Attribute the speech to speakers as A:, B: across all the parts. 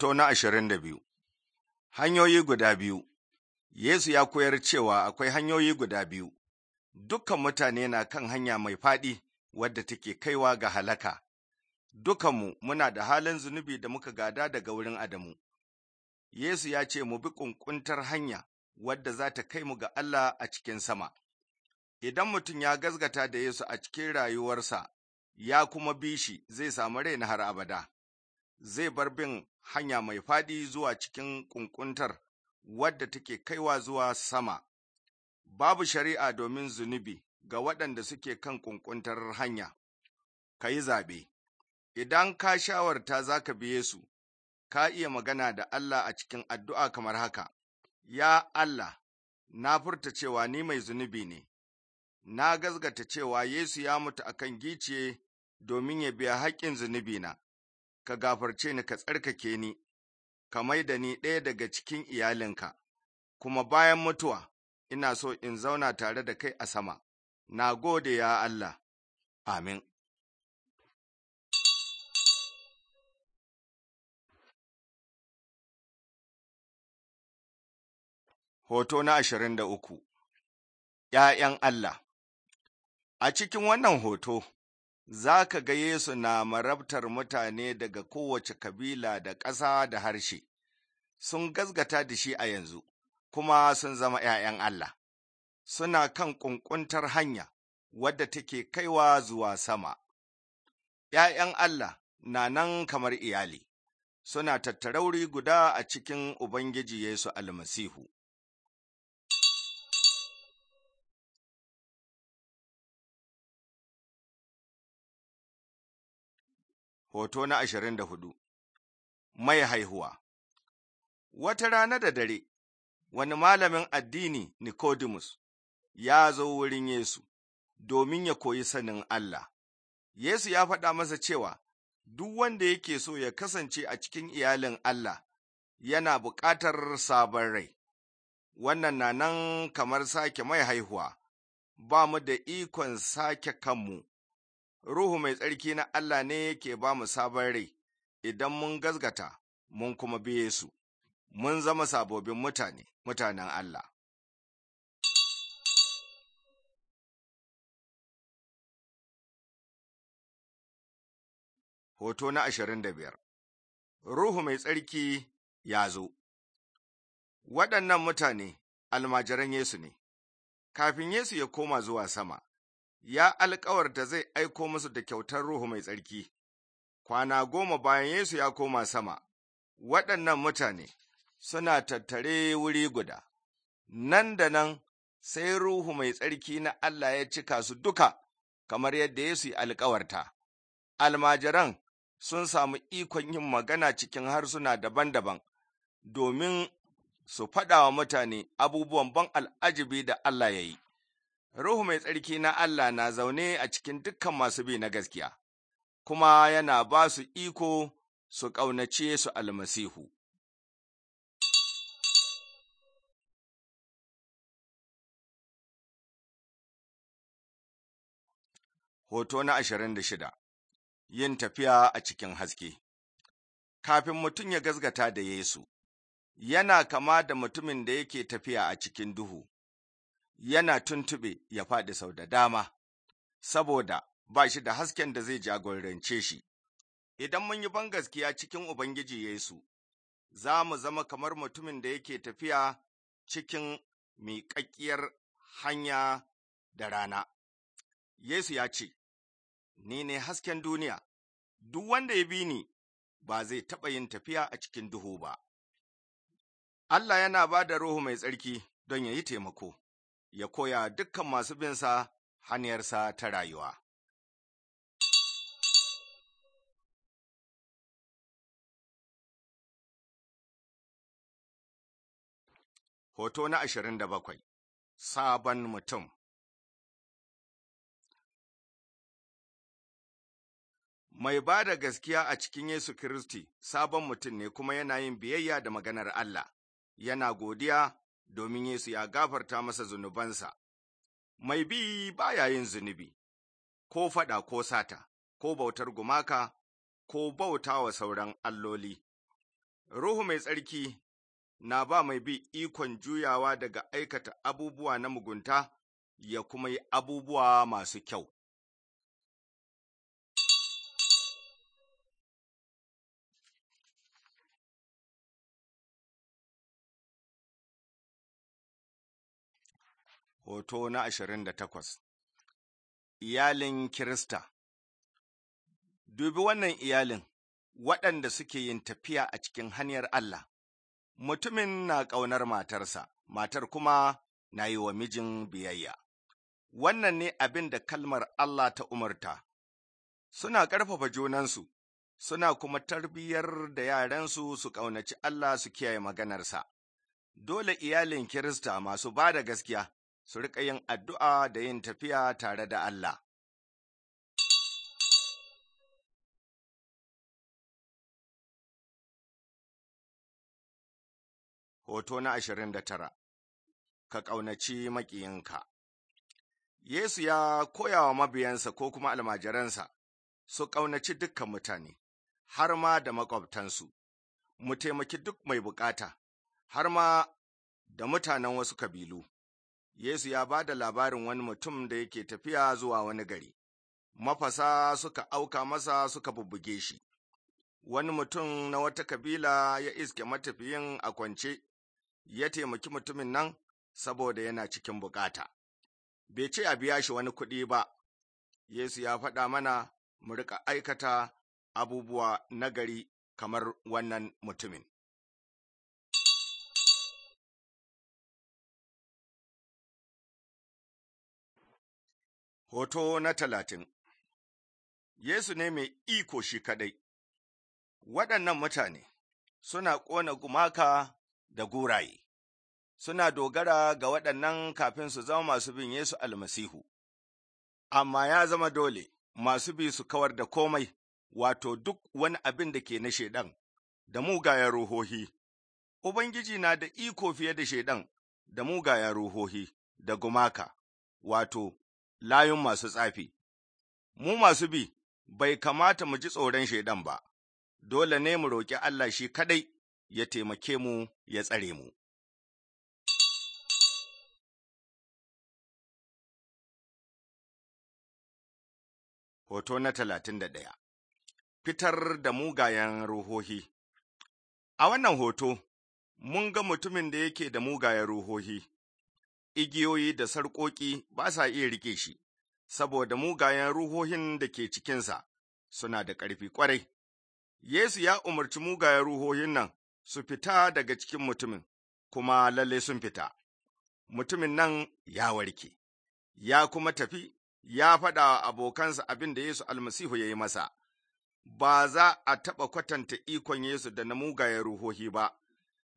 A: Hoto na ashirin da biyu Hanyoyi guda biyu Yesu ya koyar cewa akwai hanyoyi guda biyu, dukan mutane na kan hanya mai faɗi wadda take kaiwa ga halaka, dukanmu muna da halin zunubi da muka gada daga wurin Adamu. Yesu ya ce mu bi ƙunƙuntar hanya wadda za ta kai mu ga Allah a cikin sama. Idan mutum ya gazgata da Yesu a cikin rayuwarsa, ya kuma bi shi zai samu rai na har abada. zai bar bin hanya mai faɗi zuwa cikin ƙunƙuntar wadda take kaiwa zuwa sama. Babu shari'a domin zunubi ga waɗanda suke kan ƙunƙuntar hanya, ka yi zaɓe, idan ka shawarta za ka biye su, ka iya magana da Allah a cikin addu'a kamar haka, Ya Allah, na furta cewa ni mai zunubi ne, na gazgata cewa Yesu ya mutu akan kan giciye domin ya biya haƙƙin zunubina. ka gafarce ni ka tsarkake ni, ka mai da ni ɗaya daga cikin iyalinka, kuma bayan mutuwa ina so in zauna tare da kai a sama, na
B: gode ya Allah, amin. Hoto na ashirin da uku ’Ya'yan Allah
A: A cikin wannan hoto, za ka ga Yesu na marabtar mutane daga kowace kabila da ƙasa da harshe, sun gazgata da shi a yanzu, kuma sun zama ’ya'yan Allah, suna kan ƙunƙuntar hanya wadda take kaiwa zuwa sama. ’Ya'yan Allah na nan kamar iyali, suna tattarauri guda a cikin Ubangiji Yesu almasihu.
B: Hoto na ashirin da hudu Mai haihuwa Wata rana da dare,
A: wani malamin addini Nicodemus ya zo wurin Yesu domin ya koyi sanin Allah. Yesu ya faɗa masa cewa, Duk wanda yake so ya kasance a cikin iyalin Allah yana buƙatar sabon rai, wannan na nan kamar sake mai haihuwa, ba mu da ikon sake kanmu Ruhu mai tsarki na Allah ne ke ba mu sabon rai, idan mun gazgata mun kuma biye su, mun zama sabobin mutane,
B: mutanen Allah. Hoto na ashirin da biyar Ruhu mai tsarki ya zo
A: Waɗannan mutane almajiran Yesu ne, kafin Yesu ya koma zuwa sama, ya alkawarta zai aiko musu da kyautar Ruhu mai tsarki, kwana goma bayan Yesu ya koma sama, waɗannan mutane suna tattare wuri guda, nan da nan sai Ruhu mai tsarki na Allah ya cika su duka, kamar yadda Yesu ya alkawarta. Almajiran sun samu ikon yin magana cikin harsuna daban-daban, domin su faɗa wa mutane abubuwan ban al'ajibi da Allah ya yi. Ruhu mai tsarki na Allah na zaune a cikin dukkan masu bi na gaskiya, kuma yana ba su iko
B: su ƙaunace su almasihu. Hoto na ashirin da shida Yin tafiya a cikin haske
A: Kafin mutum ya gazgata da Yesu, yana kama da mutumin da yake tafiya a cikin duhu, yana tuntuɓe ya faɗi sau da dama, saboda ba shi da hasken da zai jagorance shi. Idan mun yi ban gaskiya cikin Ubangiji Yesu, za mu zama kamar mutumin da yake tafiya cikin miƙaƙƙiyar hanya da rana. Yesu ya ce, Ni ne hasken duniya, duk wanda ya bi ni ba zai taɓa yin tafiya a cikin duhu ba. Allah yana ba da Ruhu mai tsarki don ya yi taimako. ya koya dukkan masu bin binsa
B: hanyarsa ta rayuwa. Hoto na ashirin da bakwai Sabon mutum Mai ba da gaskiya a cikin
A: Yesu Kiristi, sabon mutum ne kuma yana yin biyayya da maganar Allah, yana godiya domin Yesu ya gafarta masa zunubansa. Mai bi baya yin zunubi, ko faɗa ko sata, ko bautar gumaka, ko bauta wa sauran alloli. Ruhu mai tsarki na ba mai bi ikon juyawa daga aikata abubuwa na mugunta ya kuma yi abubuwa
B: masu kyau. hoto na ashirin da takwas
A: iyalin kirista dubi wannan iyalin waɗanda suke yin tafiya a cikin hanyar Allah mutumin na ƙaunar matarsa matar kuma na yi wa mijin biyayya wannan ne abin da kalmar Allah ta umarta suna ƙarfafa junansu suna kuma tarbiyyar da yaransu su ƙaunaci Allah su kiyaye maganarsa dole iyalin Kirista masu ba da gaskiya su riƙa yin addu'a da yin tafiya tare
B: da Allah. Hoto na ashirin da tara Ka ƙaunaci maƙiyinka Yesu ya
A: koya wa mabiyansa ko kuma almajiransa su ƙaunaci dukkan mutane, har ma da maƙwabtansu, mu taimaki duk mai bukata, har ma da mutanen wasu kabilu. Yesu ya ba da labarin wani mutum da yake tafiya zuwa wani gari, mafasa suka auka masa suka bubbuge shi, wani mutum na wata kabila ya iske matafiyin a kwance, ya taimaki mutumin nan saboda yana cikin bukata. Bai ce a biya shi wani kuɗi ba, Yesu ya faɗa mana mu riƙa aikata abubuwa
B: nagari kamar wannan mutumin. Hoto na talatin Yesu ne mai iko shi kaɗai
A: Waɗannan mutane suna ƙona gumaka da guraye, suna dogara ga waɗannan kafin su zama masu bin Yesu almasihu, amma ya zama dole masu bi su kawar da komai, wato duk wani abin da ke na shaiɗan da mugayen ruhohi. Ubangiji na da iko fiye da shaiɗan da mugayen ruhohi da gumaka, wato layun masu tsafi, mu masu bi bai kamata mu ji tsoron shaidan ba,
B: dole ne mu roƙi Allah shi kaɗai ya taimake mu ya tsare mu. Hoto na talatin da ɗaya Fitar da
A: mugayen ruhohi A wannan hoto, mun ga mutumin da yake da mugayen ruhohi, igiyoyi da sarƙoƙi ba sa iya rike shi, saboda mugayen ruhohin da ke cikinsa suna da ƙarfi ƙwarai. Yesu ya umarci mugayen ruhohin nan su fita daga cikin mutumin, kuma lalle sun fita. Mutumin nan ya warke, ya kuma tafi, ya faɗa wa abokansa abin da Yesu almasihu ya yi masa. Ba za a taɓa kwatanta ikon Yesu da na mugayen ruhohi ba,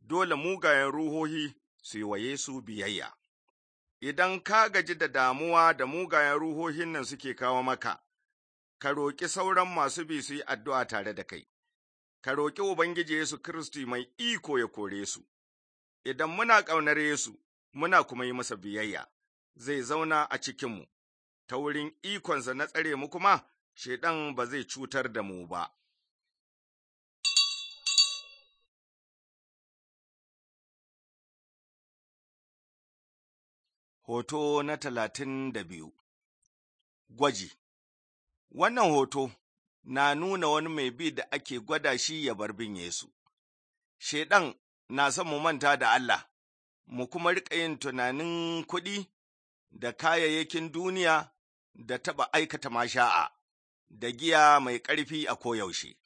A: dole mugayen ruhohi su yi wa Yesu biyayya. idan ka gaji da damuwa da mugayen ruhohin nan suke kawo maka, ka roƙi sauran masu bi su yi addu'a tare da kai, ka roƙi Ubangiji Yesu Kiristi mai iko ya kore su, idan muna ƙaunar Yesu, muna kuma yi masa biyayya, zai zauna a cikinmu, ta wurin ikonsa na tsare mu kuma, Shaiɗan ba zai cutar da mu ba.
B: Hoto na talatin da biyu
A: Gwaji Wannan hoto na nuna wani mai bi da ake gwada shi ya bar bin Yesu. Shaiɗan na son mu manta da Allah, mu kuma riƙa yin tunanin kuɗi da kayayyakin duniya da taɓa aikata masha'a da giya mai ƙarfi a koyaushe.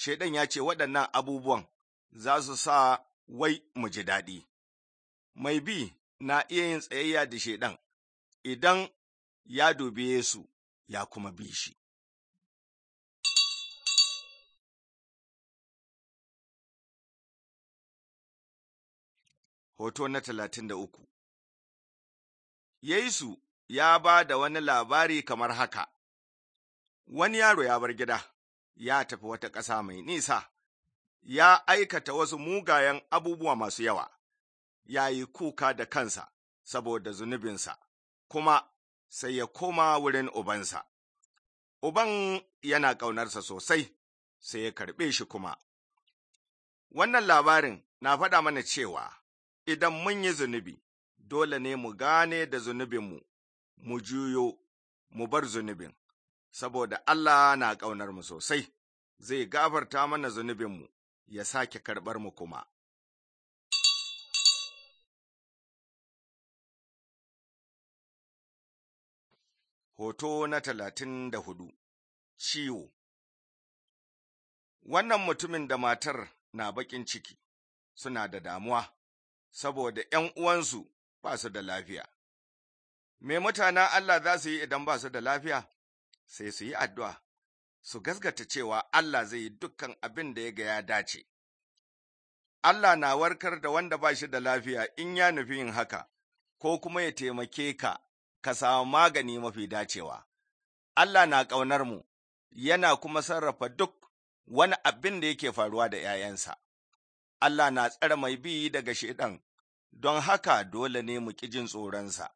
A: Shaiɗan ya ce waɗannan abubuwan za su sa wai mu ji daɗi. Mai bi na iya yin tsayayya da shaidan idan ya dobe
B: Yesu ya kuma bi shi. Hoto na talatin da uku Yesu ya ba da wani
A: labari kamar haka, wani yaro ya bar gida, ya tafi wata ƙasa mai nisa, ya aikata wasu mugayen abubuwa masu yawa. ya yi kuka da kansa saboda zunubinsa, kuma sai ya koma wurin ubansa. Uban yana ƙaunarsa sosai, sai ya karɓe shi kuma. Wannan labarin na faɗa mana cewa idan mun yi zunubi, dole ne mu gane da zunubinmu, mu juyo, mu bar zunubin, saboda Allah na ƙaunarmu sosai, zai gafarta
B: mana zunubinmu, ya sake karɓar mu kuma. Hoto na talatin da hudu Ciwo
A: Wannan mutumin da matar na baƙin ciki suna da damuwa, saboda ’yan uwansu ba su da lafiya. Me mutanen Allah za su yi idan ba su da lafiya? Sai su yi addu'a, su gasgata cewa Allah zai yi dukkan abin da ya ga ya dace. Allah na warkar da wanda ba shi da lafiya in ya nufi yin haka, ko kuma ya taimake ka ka samu magani mafi dacewa. Allah na ƙaunar mu, yana kuma sarrafa duk wani abin da yake faruwa da ‘ya'yansa. Allah na tsare mai bi daga shaiɗan, don haka dole ne mu ƙi jin tsoronsa.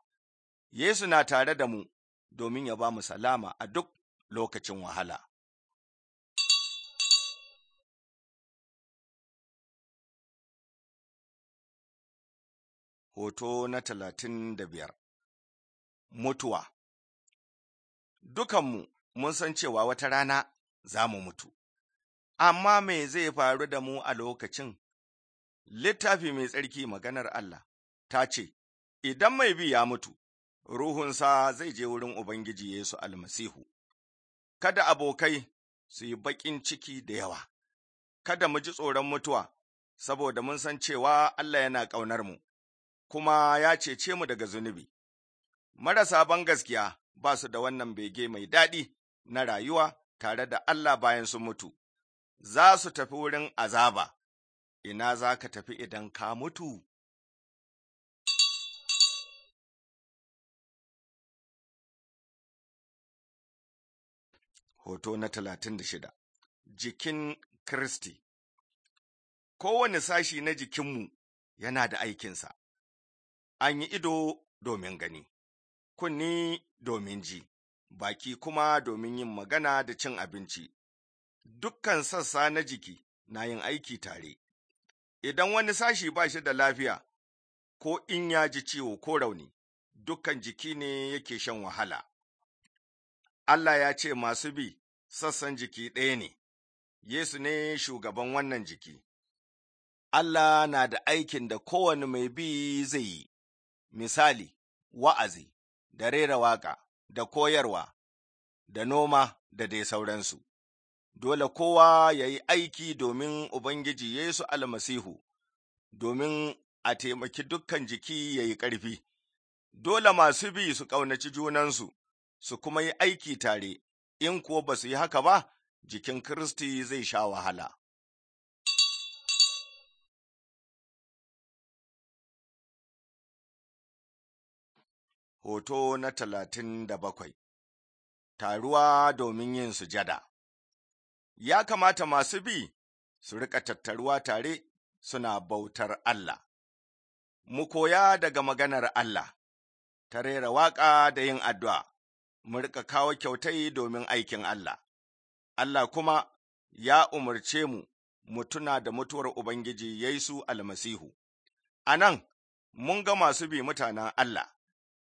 A: Yesu na tare da mu domin
B: ya ba mu salama a duk lokacin wahala. Hoto na talatin da biyar mutuwa.
A: Dukanmu mun san cewa wata rana za mu mutu, amma me zai faru da mu a lokacin? Littafi mai tsarki maganar Allah ta ce, Idan mai bi ya mutu, ruhunsa zai je wurin Ubangiji Yesu almasihu. Kada abokai su yi baƙin ciki da yawa, kada mu ji tsoron mutuwa, saboda mun san cewa Allah yana ƙaunar mu, kuma ya cece mu daga zunubi. marasa ban gaskiya ba su da wannan bege mai daɗi na rayuwa tare da Allah bayan su mutu,
B: za su tafi wurin azaba, ina za ka tafi idan ka mutu? Hoto na talatin da shida Jikin
A: kristi. Kowane sashi na jikinmu yana da aikinsa, an yi ido domin gani, kunni domin ji, baki kuma domin yin magana da cin abinci. Dukkan sassa na jiki na yin aiki tare. Idan wani sashi ba shi da lafiya, ko in ya ji ciwo ko rauni, dukkan jiki ne yake shan wahala. Allah ya ce masu bi sassan jiki ɗaya ne, Yesu ne shugaban wannan jiki. Allah na da aikin da kowane mai bi zai yi, misali, wa'azi, da rera waƙa, da koyarwa, da noma, da dai sauransu. Dole kowa ya yi aiki domin Ubangiji Yesu almasihu, domin a taimaki dukkan jiki ya yi ƙarfi. Dole masu bi su ƙaunaci junansu, su kuma yi aiki tare, in kuwa ba su yi haka ba, jikin Kiristi zai sha wahala.
B: Hoto na talatin da bakwai
A: Taruwa domin yin sujada Ya kamata masu bi su rika tattaruwa tare suna bautar Allah. Mu koya daga maganar Allah, ta rera waƙa da yin addu'a, mu riƙa kawo kyautai domin aikin Allah. Allah kuma ya umarce mu mutuna da mutuwar Ubangiji Yesu almasihu. A nan, mun ga masu bi mutanen Allah,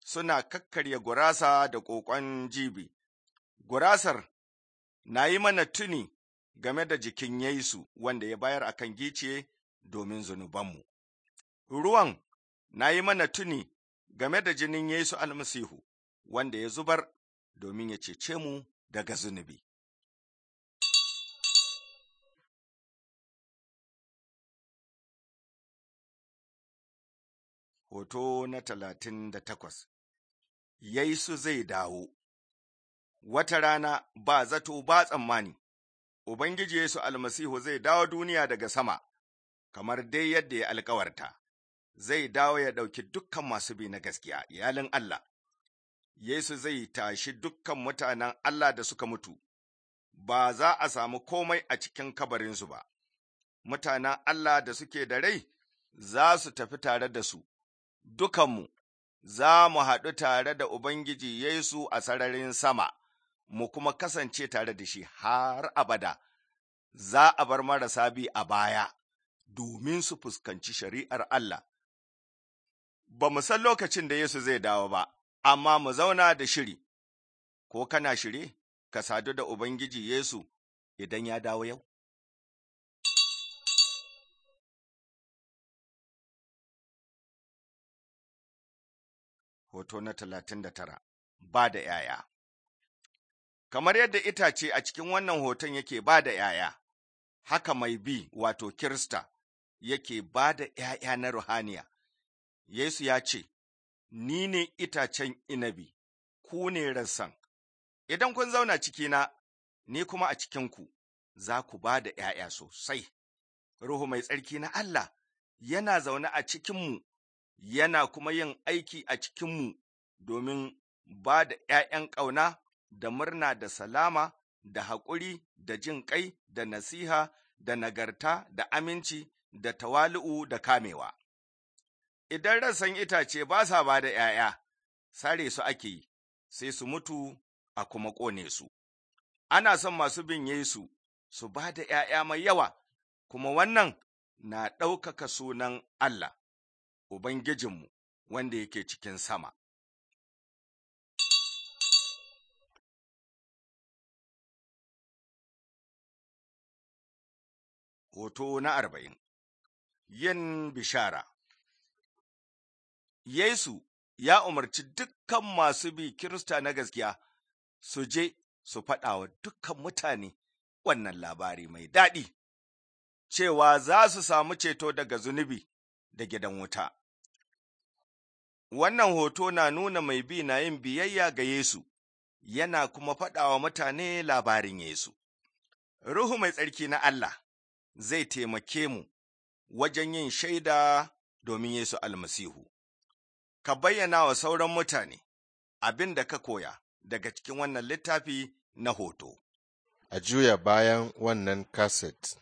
A: suna kakkarya gurasa da ƙoƙon jibi. Gurasar na yi mana tuni game da jikin Yesu wanda ya bayar a kan gice domin zunubanmu. Ruwan na yi mana tuni game da jinin Yesu almasihu wanda ya zubar
B: domin ya cece mu daga zunubi. Hoto na talatin da takwas Yaisu zai dawo.
A: Wata rana ba zato ba tsammani, Ubangiji Yesu almasihu zai dawo duniya daga sama, kamar dai yadda ya alkawarta, zai dawo ya ɗauki dukkan masu bi na gaskiya, iyalin Allah. Yesu zai tashi dukkan mutanen Allah da suka mutu, ba za a samu komai a cikin kabarinsu ba, mutanen Allah da suke da rai za su tafi tare da su, dukanmu za mu haɗu tare da Ubangiji Yesu a sararin sama, mu kuma kasance tare da shi har abada, za a bar marasa bi a baya domin su fuskanci shari'ar Allah. Ba mu san lokacin da Yesu zai dawo ba, amma mu zauna da shiri,
B: ko kana shiri ka sadu da Ubangiji Yesu idan ya dawo yau? Hoto na talatin da tara, ba da ‘ya'ya.
A: Kamar yadda itace a cikin wannan hoton yake ba da ‘ya'ya, haka mai bi wato Kirista yake ba da ‘ya'ya na ruhaniya. Yesu ya ce, Ni ne itacen inabi, ku ne rassan, idan kun zauna cikina, ni kuma a cikinku, za ku ba da ‘ya'ya sosai. Ruhu mai tsarki na Allah yana zaune a cikinmu yana kuma yin aiki a cikinmu domin ba da ’ya'yan ƙauna da murna da salama da haƙuri da jin ƙai da nasiha da nagarta da aminci da tawali'u da kamewa. Idan rassan itace ba sa ba da ’ya'ya, sare su ake yi, sai su mutu a kuma ƙone su. Ana son masu bin Yesu su ba da ’ya'ya mai yawa, kuma wannan na ɗaukaka sunan Allah.
B: Ubangijinmu wanda yake cikin sama. Hoto na arba'in Yin bishara
A: Yesu ya umarci dukkan masu bi Kirista na gaskiya su je su faɗa wa dukkan mutane wannan labari mai daɗi, cewa za su samu ceto daga zunubi da gidan wuta. Wannan hoto na nuna mai bi na yin biyayya ga Yesu, yana kuma faɗawa mutane labarin Yesu. Ruhu mai tsarki na Allah zai taimake mu wajen yin shaida domin Yesu almasihu. Ka bayyana wa sauran mutane abin da ka koya daga cikin wannan littafi na hoto. A juya bayan wannan kaset